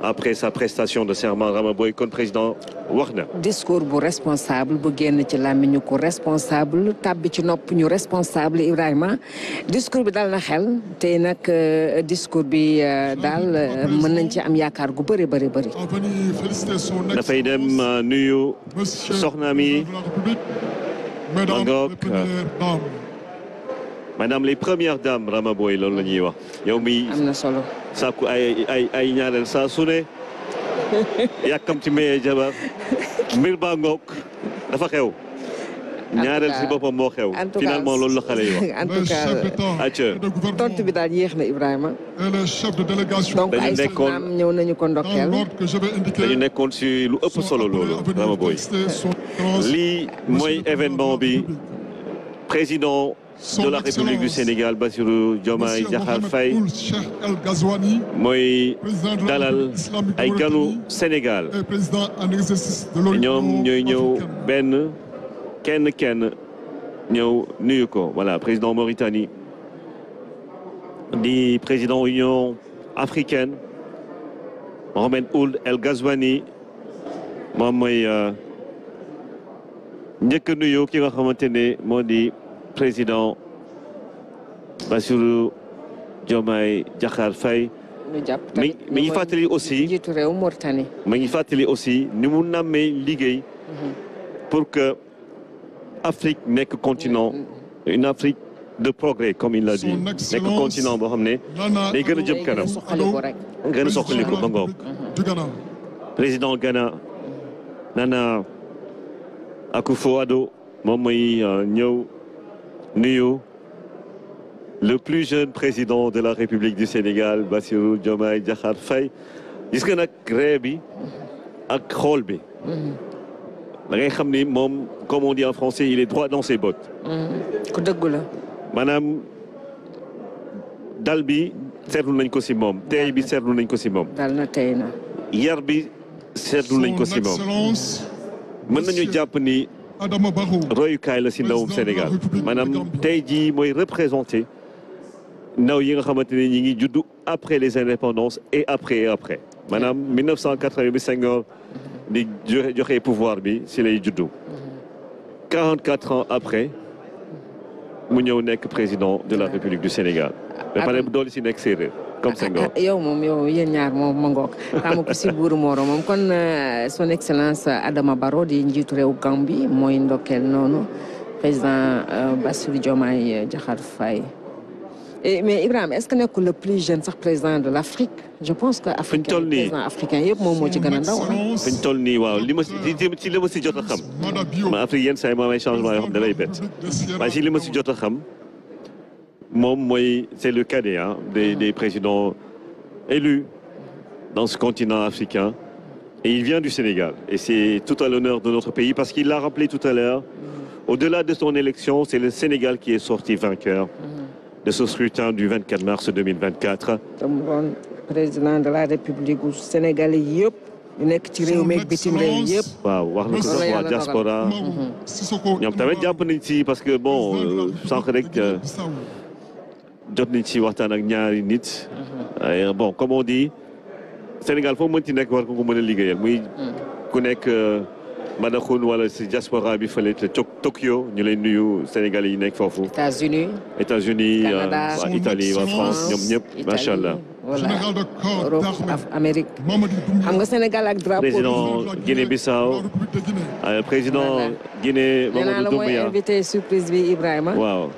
après sa prestation de serment Ramaboy kon président wax na. discours bu responsable bu génn ci làmmiñu ko responsable tàbbi ci nopp ñu responsable Ibrahima discours bi dal na xel te nag euh, discours bi euh, daal euh, mën nañ ci am yaakaar gu bëri bari bëri. Ah, dafay nuyu soxna mi madame les premières dames Ramaboy loolu la ñuy wax am na solo. sàkku ay ay ay ñaareel saa su ne yàkkamti mayee jabar mbir baa dafa xew ñaareel si boppam moo xew finalement loolu la xale yi wax en tout cas tontu bi daal yéex na Ibrahima donc ñëw nañu ko ndokkeel dañu nekkoon si lu ëpp solo loolu Rama Boye lii mooy événement bi président de la République du Sénégal Bassirou Diomaye Diakhar Faye mooy dalal ay ganu Sénégal ñoom ñooy ñëw benn kenn kenn ñëw nuyu ko voilà président Mauritanie di président Union africaine Mohamed Ould El Ghazouani moom mooy euh, njëkk nuyu ki nga xamante ne moo di président Bassirou Diomaye Diakhar Faye. ñu jàpp mi ngi fàttali aussi jiitu réew Mauritanie. ngi fàttali aussi ni mu nammee liggéey. Mhm. pour que Afrique nekk continent mhm. une Afrique de progrès comme il l'a dit nekk continent boo xam ne day gën a jëm kanam président Ghana Nana Akufo-Addo moom mooy euh, ñëw. nuyu le plus jeune président de la République du Sénégal Bassirou Diomaye Diakhar Faye gis nga nag ree bi ak xool bi da ngay xam ni moom comme on dit en français il est droit dans ses bottes ku dëggu la maanaam dal bi seetlu nañ ko si moom tey bi seetlu nañ ko si moom dal na tey na yar bi seetlu nañ ko si moom mën nañu jàpp ni royukaay la si ndawum Sénégal maanaam tey jii mooy représenté ndaw yi nga xamante ne ñi ngi juddu après les indépendances et après et après maanaam 1980 bi Senghor di joxe pouvoir bi si juddu 44 ans après mu ñëw nekk président de la du Sénégal ba pare dool si nekk comme Senghor yow moom yow yéen ñaar ma ngoog taamu ko si buuru mooro moom kon euh, son excellence Adama Barrow di njiitu réew Gambie mooy ndokkeel noonu président euh, Bassirou Diomaye Diakhar Faye mais Ibrahima est-ce que nekkul le plus jeune sax président de l'Afrique je pense que africain yëpp moom moo ci gën a ndaw ah. fi ñu toll si jot a moom mooy c'est le cadet ah des des présidents élus dans Sénégal et c'est tout à l'honneur parce qu'il l'a rappelé tout à l'heure au-delà le Sénégal qui est sorti vainqueur de ce scrutin du de la République yëpp nekk ci réew meeg bitim wax na ko waa jàpp nañ si parce que bon euh, sànq rek jot nañ ci waxtaan ak ñaari nit. Mhm. bon comme on dit Sénégal foo mënti nekk war ko ko mën a liggéeyal muy. Mhm. ku nekk euh, Madaxun wala si diaspora bi fële ca Tokyo ñu lay nuyu Sénégalais yi nekk foofu. États-Unis États-Unis euh, Canada Italie waa France ñoom ñëpp macha allah. voilà Europe Amérique xam nga Sénégal ak drapeau président Guinée Bissau euh, président Guinée Mamadou Doumbouya nee naa la mooy invité surprise bi Ibrahima waaw.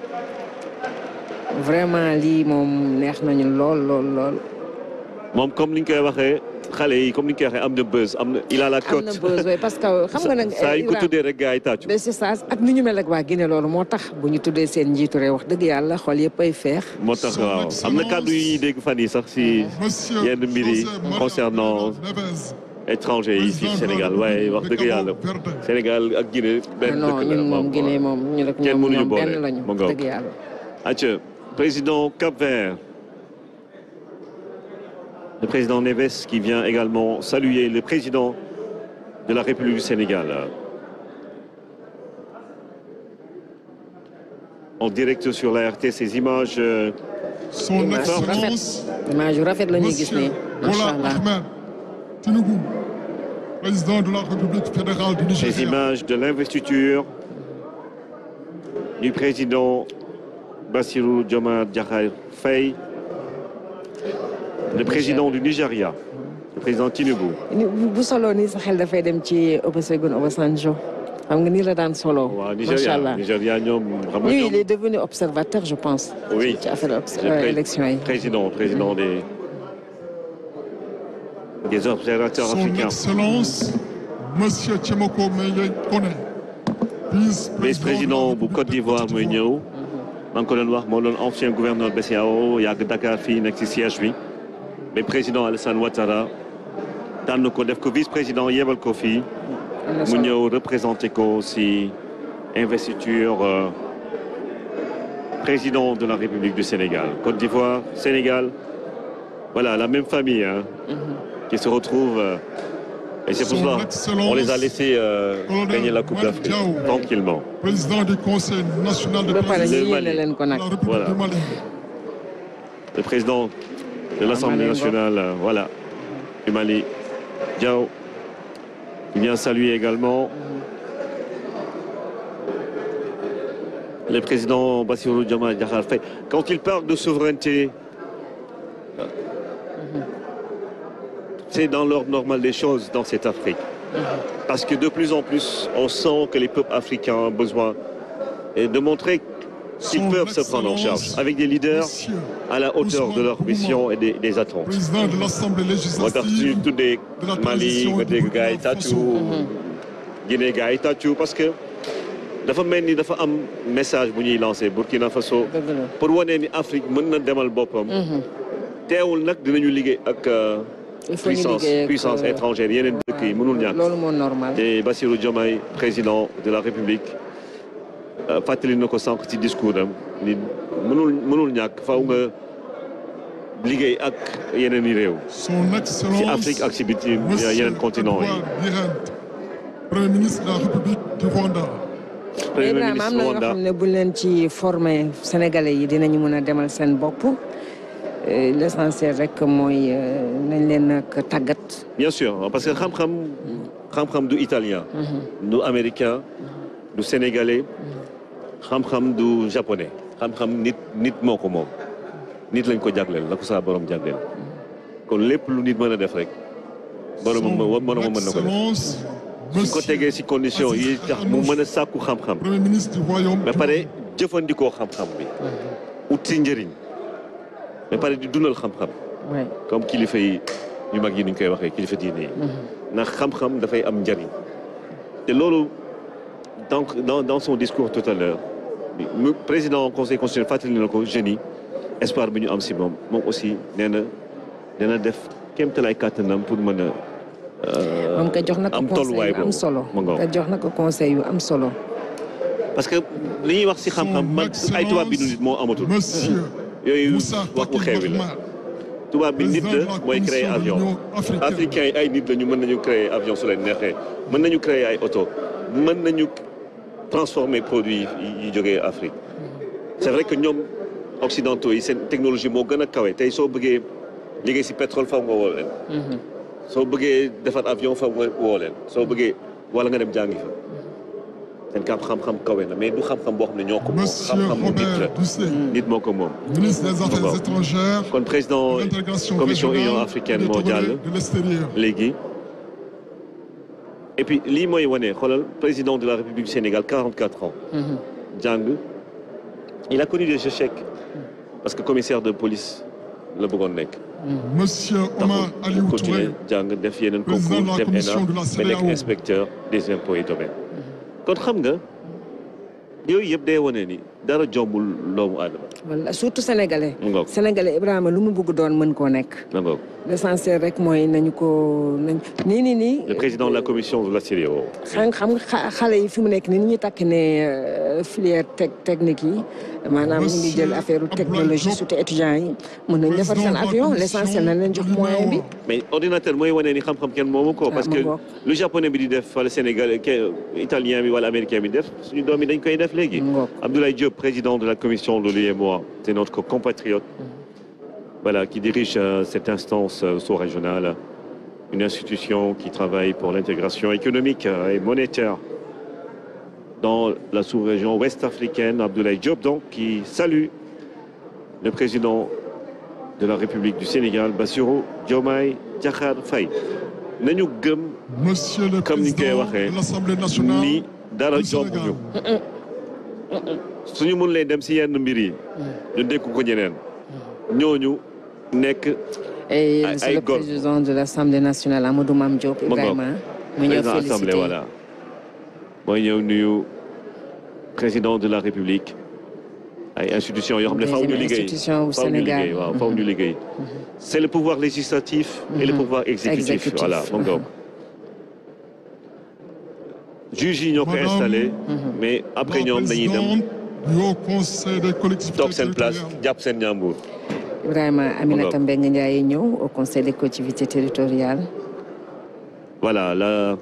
vraiment lii moom neex nañu lool lool lool. moom comme li ñu koy waxee xale yi comme li ñu koy waxee am na buzz am na il a la cote. am parce que xam nga nag. saa yu ko tuddee rek gars yi tàccu. c'est ça ak ni ñu mel waa Guinée loolu moo tax bu ñu tuddee seen njiitu réew wax dëgg yàlla xool yëpp ay feex. moo tax am na kàddu yu dégg fan yi sax si yenn mbir yi concernant étranger yi fii Sénégal waaye wax dëgg yàlla Sénégal ak Guinée. benn ah dëkk la non ñun moom Guinée moom ñu ne ko ñoom ñoom benn lañu. dëgg yàlla. président Cap-Vert. Le président Neves qui vient également saluer le président de la République du En direct sur la ces images... Euh, Son Excellence, Monsieur Bola Ahmed Tinubu, président de la République fédérale du Nigeria. Ces images de l'investiture du président Bassirou Diomaye Diakhar Faye, le président du Nigeria, le président Tinubu. bu soloo nii sa xel dafay dem ci Olusegun Obasanjo xam nga nii la daan solo. macha allah waaw Nigéria Nigéria ñoom. xam nga ñoom il est devenu observateur je pense. oui ci affaire euh, élection yi. président président des des observateurs africains. son excellence monsieur Tchemoko Meye Kone. président bu Côte d'Ivoire muy ñëw. maa ngi ko doon wax moo doon ancien gouverneur BCEAO yàgg Dakar fii nekk ci siège bi mais président Alassane Ouattara tànn ko def ko vice président yebal ko fii mu ñëw représenté ko ci investiture euh, président de la République du Sénégal Côte d'Ivoire Sénégal voilà la même famille hein, mm -hmm. qui se retrouve euh, Et c'est pour cela on les a laissés euh, gagner la Coupe d'Afrique tranquillement. voilà. Le président de l'Assemblée nationale, euh, voilà, du Mali, Diao, qui vient saluer également le président Bassirou Diomaye Diakhar Quand il parle de souveraineté, c'est dans l'ordre normal des choses dans cette Afrique. Parce que de plus en plus, on sent que les peuples africains ont besoin de montrer qu'ils peuvent se prendre en charge avec des leaders à la hauteur de leur mission et des, des attentes. On a reçu tous des Mali, des Gaïtatou, mhm. Guinée Gaïtatou, parce que dafa mel ni dafa am message bu ñuy lancé Burkina Faso. pour wane ni Afrique mën na demal boppam. Mhm. teewul nag dinañu liggéey ak. Euh, puissance puissance étrangère yeneen dëkk yi mënul ñàkk loolu moo normal te Bassirou Diomaye président de la République euh, fàttali na ko sànq ci discours am mënul mënul ñàkk faw nga liggéey ak yeneen yi réew ci Afrique ak ci biti euh, yeneen continent yi premier ministre de la République du Rwanda premier ministre Rwanda am na ñoo xam ne bu leen ci formé sénégalais yi dinañu mën a demal seen bopp l' essentiel rek mooy nañ leen nag tàggat. bien sûr parce que xam-xam. du italien. Mhm. du américain. du sénégalais. xam-xam du japonais. xam-xam nit nit moo ko moom. nit lañ ko jagleel la ko saa borom jagleel. kon lépp lu nit mën a def rek. borom mën mën na ko def. su ko tegee si condition yi tax mu mën a sàkku xam-xam. ba pare jëfandikoo xam-xam bi. Mhm. ut si njëriñ. mais pare di dundal xam-xam. comme kilifa yi ñu mag yi ni ñu koy waxee kilifa diine yi. Mhm. ndax xam-xam dafay am njariñ. te loolu donc dans dans son discours tout à président conseil constitutionnel fàttali na ko jeunes yi espoir bi ñu am si moom moom aussi nee na dina def kéemtalaay kàttanam pour mën a. Euh, moom ka jox na ko conseil yu am solo ka jox na ko conseil yu am solo. parce que li ñuy wax si xam-xam man ay tubaab bi nu nit moo amatul. yooyu waxu xewi la tubaab bi nit la mooy créer avion africain yi ay nit la ñu mën nañu créer avion su leen neexee mën nañu créer ay oto mën nañu transformer produit yi jógee Afrique c'est vrai que ñoom occidentaux yi seen technologie moo gën a kawe tey soo bëggee liggéey si pétrole fa nga mhm. soo bëggee defar avion faw nga woo soo bëggee wala nga dem jàngi fa seen kàpp xam na mais du xam-xam boo xam ne ñoo ko moom xam-xamu nit la mm. nit moo ko moom. ministre des affaires étrangères. kon président commission léegi. et lii mooy wane xoolal président de la république du Sénégal 44 ans. Mm-hmm. jàng il a parce que commissaire de police la bëggoon nekk. Mm-hmm. monsieur Omar jàng def yeneen concours dem ENA mais nekk e inspecteur des impôts et kon xam nga yooyu yëpp day wane ni dara jombul doomu aadama. wala surtout sénégalais. sénégalais Ibrahima lu mu bëgg doon mën koo nekk. l'essentiel rek mooy nañu ko nañ nii nii nii. le président de la commission de la CEDEAO. xam xam nga xale yi fi mu nekk nii ni ñuy takk ne euh, filière tec technique yi maanaam ñu ngi jël affaire technologie surtout étudiants yi mën nañ defar san avion l'essentiel nañ leen jox moyen bi. mais ordinateur mooy wane ni xam-xam kenn moomu ko. Ah, parce que lu japonais bi di def wala sénégalais italien bi wala américain bi def suñu doom yi dañ koy def léegi. Abdoulaye président de la commission, Loli et moi, c'est notre compatriote mhm. voilà, qui dirige euh, cette instance euh, sous-régionale, une institution qui travaille pour l'intégration économique euh, et monétaire dans la sous-région ouest africaine, Abdoulaye Diop, donc, qui salue le président de la République du Sénégal, Bassirou Diomaye Diakhar Faye. nañu gëm. Monsieur le président de l'Assemblée nationale. ni dara jomb suñu mën dem si yenn mbir yi ñu dékku ko ñeneen nekk ay góor président de l'Assemblée nationale Amadou Mame Diop Ibrahima mu ñëw félicité voilà président de la République ay institutions yoo xam ne faaw ñu liggéey faaw mhm. c'est le pouvoir législatif et le mhm. pouvoir exécutif voilà juges yi ñoo ko installé mais après ñoom dañuy dem toog seen place jàpp seen ñaambur Ibrahima Aminata Mbengue Ndiaye ñëw au conseil des collectivités territoriales voilà la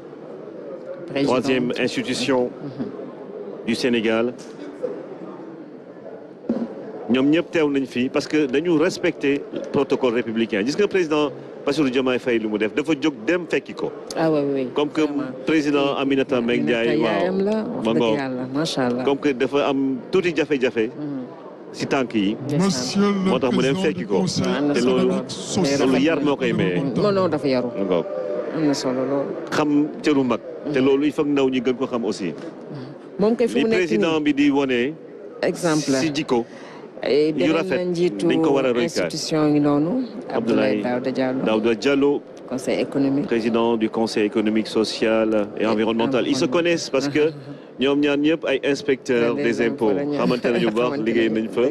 Président. troisième institution mhm. du Sénégal ñoom ñëpp teew nañ fii parce que dañu respecter protocole républicain gis nga président Bassirou Diomaye fay lu mu def dafa jóg dem fekki ko. Ah, comme que président Aminata Mbengue Ndiaye waaw ma ngoog macha allah comme que dafa am tuuti jafe-jafe. Mm-hmm. si tànk yi. moo tax mu dem fekki ko. te loolu yar moo koy maye. non non dafa yaru. na solo loolu. xam cëru mag. Mm-hmm. te loolu il faut ndaw ñi gën ko xam aussi. Mm-hmm. li président bi di wone exemple si jikko. yu rafet dañ ko war a roykaat institution yi noonu Abdoulaye Daouda Diallo conseil économique président du conseil économique social et environnemental ils se connaissent parce que ñoom ñaar ñëpp ay inspecteurs des impôts xamante nañu bu baax liggéey nañ fa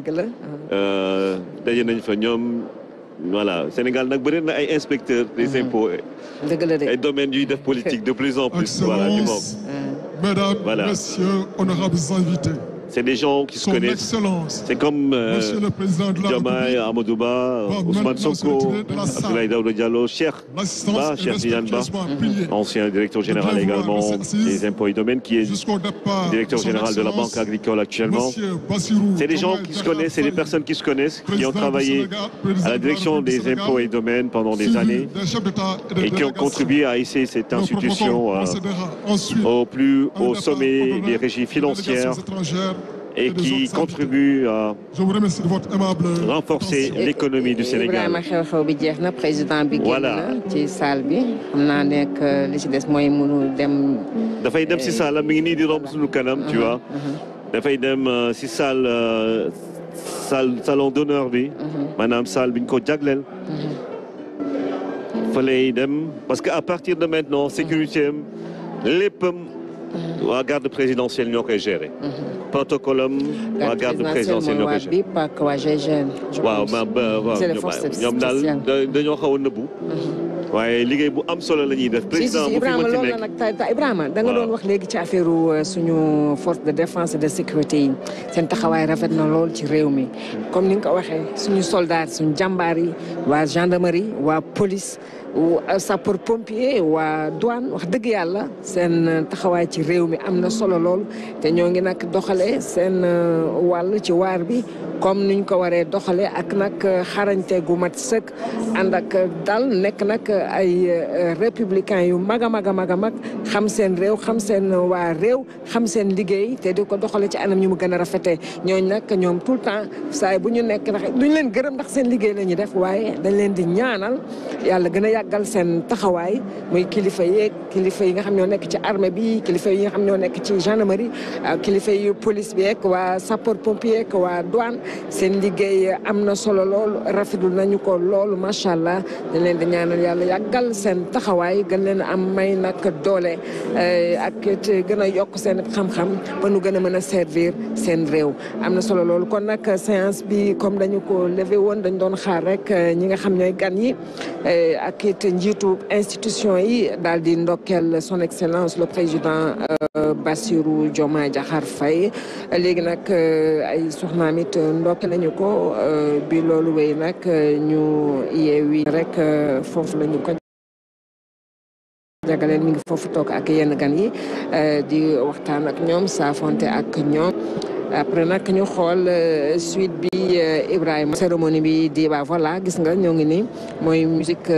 euh, daje nañ fa ñoom voilà Sénégal nag bëri na ay inspecteur des mm-hmm. impôts ay domaines yuy def politique de plus en plus voilà du moom voilà mesdames messieurs honorables invités C'est des gens qui se connaissent. comme euh, Diomaye, Amadouba, Ousmane Sonko, Abdoulaye Daouda Cher Ba, Cher ancien directeur général également des impôts et domaines, qui est directeur général de la Banque agricole actuellement. C'est des gens qui se connaissent, c'est des personnes qui se connaissent, qui ont travaillé à la direction des impôts et domaines pendant des années et qui ont contribué à essayer cette institution euh, au sommet des régies financières et qui contribue à renforcer l'économie du Sénégal. Ibrahima xew-xew bi jeex na président bi. voilà génn na ci salle bi xam naa nekk li ci des mooy mënul dem. dafay dem si euh, salle mi ngi nii di romb suñu kanam. tu uh-huh, vois uh-huh. dafay dem si euh, salle euh, salle salon d'honneur bi. Uh-huh. maanaam salle bi ñu ko jagleel. fa lay dem parce que à partir de maintenant sécurité am léppam. Mhm. waa garde présidentielle ñoo koy gérer. Mhm. protocole am waa garde présidentielle ñoo koy gérer. waaw ñoom daal dañoo xaw a nëbbu. Mhm. waaye liggéey bu am solo la ñuy def. président bu fi mën ci nekk da nga doon wax léegi ci affaire euh, suñu force de défense et de sécurité yi seen taxawaay rafet na lool ci réew mi. Mm. comme ni nga ko waxee suñu soldat suñu jàmbaar yi waa gendarmerie waa police. sa euh, sapeur pompier waa euh, douane wax dëgg yàlla seen euh, taxawaay ci réew mi am na solo lool te ñoo ngi nag doxalee seen wàll ci waar bi comme nuñ ko waree doxalee ak nag xarañte gu mat sëkk ànd ak dal nekk nag ay républicain yu mag a mag mag a mag xam seen réew xam seen waa réew xam seen liggéey te di ko doxalee ci anam ñu mu gën a rafetee ñooñ nag ñoom tout temps saay bu ñu nekk ndax duñ leen gërëm ndax seen liggéey la ñuy def waaye dañ di ñaanal yàlla gën yàggal seen taxawaay muy kilifa yeeg kilifa yi nga xam ñoo nekk ci armée bi kilifa yi nga xam ñoo nekk ci gendarmerie euh, kilifa yu police bi yeeg waa sapeur pompier yeeg waa douane seen liggéey am na solo lool rafetlu nañu ko loolu macha allah dañ leen di ñaanal yàlla yàggal seen taxawaay gën leen am may nag doole euh, ak gën a yokk seen xam-xam ba nu gën a mën a servir seen réew am na solo loolu kon nag séance bi comme dañu ko levé woon dañ doon xaar rek euh, ñi nga xam ñooy gan yi ak it njiitu institution yi daal di ndokkeel son excellence le président euh, Bassirou Diomaye Diakhar Faye léegi nag euh, ay soxnaam it ndokke lañu ko euh, bi loolu wéy nag ñu yeewi rek foofu lañu ko jagaleen mi ngi foofu toog ak yenn gan yi di waxtaan ak ñoom saafonte ak ñoom après nag ñu xool suite bi Ibrahima cérémonie bi di ba voilà gis nga ñoo ngi nii mooy musique